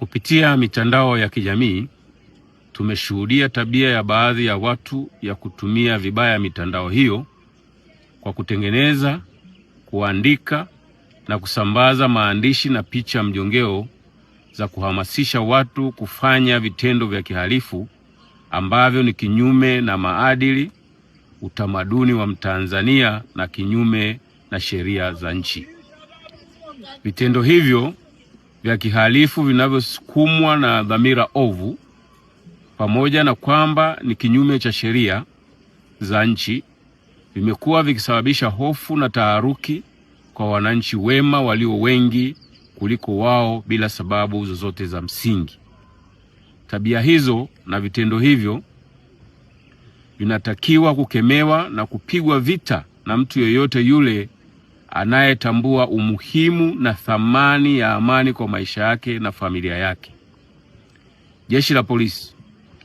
Kupitia mitandao ya kijamii tumeshuhudia tabia ya baadhi ya watu ya kutumia vibaya mitandao hiyo kwa kutengeneza, kuandika na kusambaza maandishi na picha mjongeo za kuhamasisha watu kufanya vitendo vya kihalifu ambavyo ni kinyume na maadili, utamaduni wa Mtanzania na kinyume na sheria za nchi. Vitendo hivyo vya kihalifu vinavyosukumwa na dhamira ovu, pamoja na kwamba ni kinyume cha sheria za nchi, vimekuwa vikisababisha hofu na taharuki kwa wananchi wema walio wengi kuliko wao bila sababu zozote za msingi. Tabia hizo na vitendo hivyo vinatakiwa kukemewa na kupigwa vita na mtu yeyote yule anayetambua umuhimu na thamani ya amani kwa maisha yake na familia yake. Jeshi la Polisi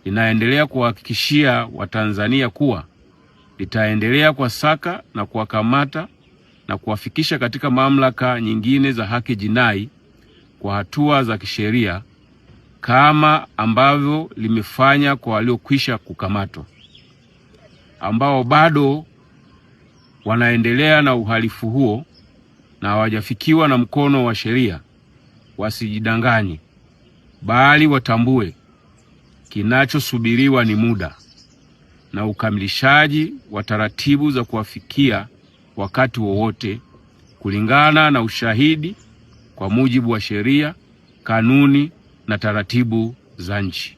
linaendelea kuwahakikishia Watanzania kuwa litaendelea kuwasaka na kuwakamata na kuwafikisha katika mamlaka nyingine za haki jinai kwa hatua za kisheria kama ambavyo limefanya kwa waliokwisha kukamatwa ambao bado wanaendelea na uhalifu huo na hawajafikiwa na mkono wa sheria, wasijidanganye, bali watambue kinachosubiriwa ni muda na ukamilishaji wa taratibu za kuwafikia wakati wowote kulingana na ushahidi, kwa mujibu wa sheria, kanuni na taratibu za nchi.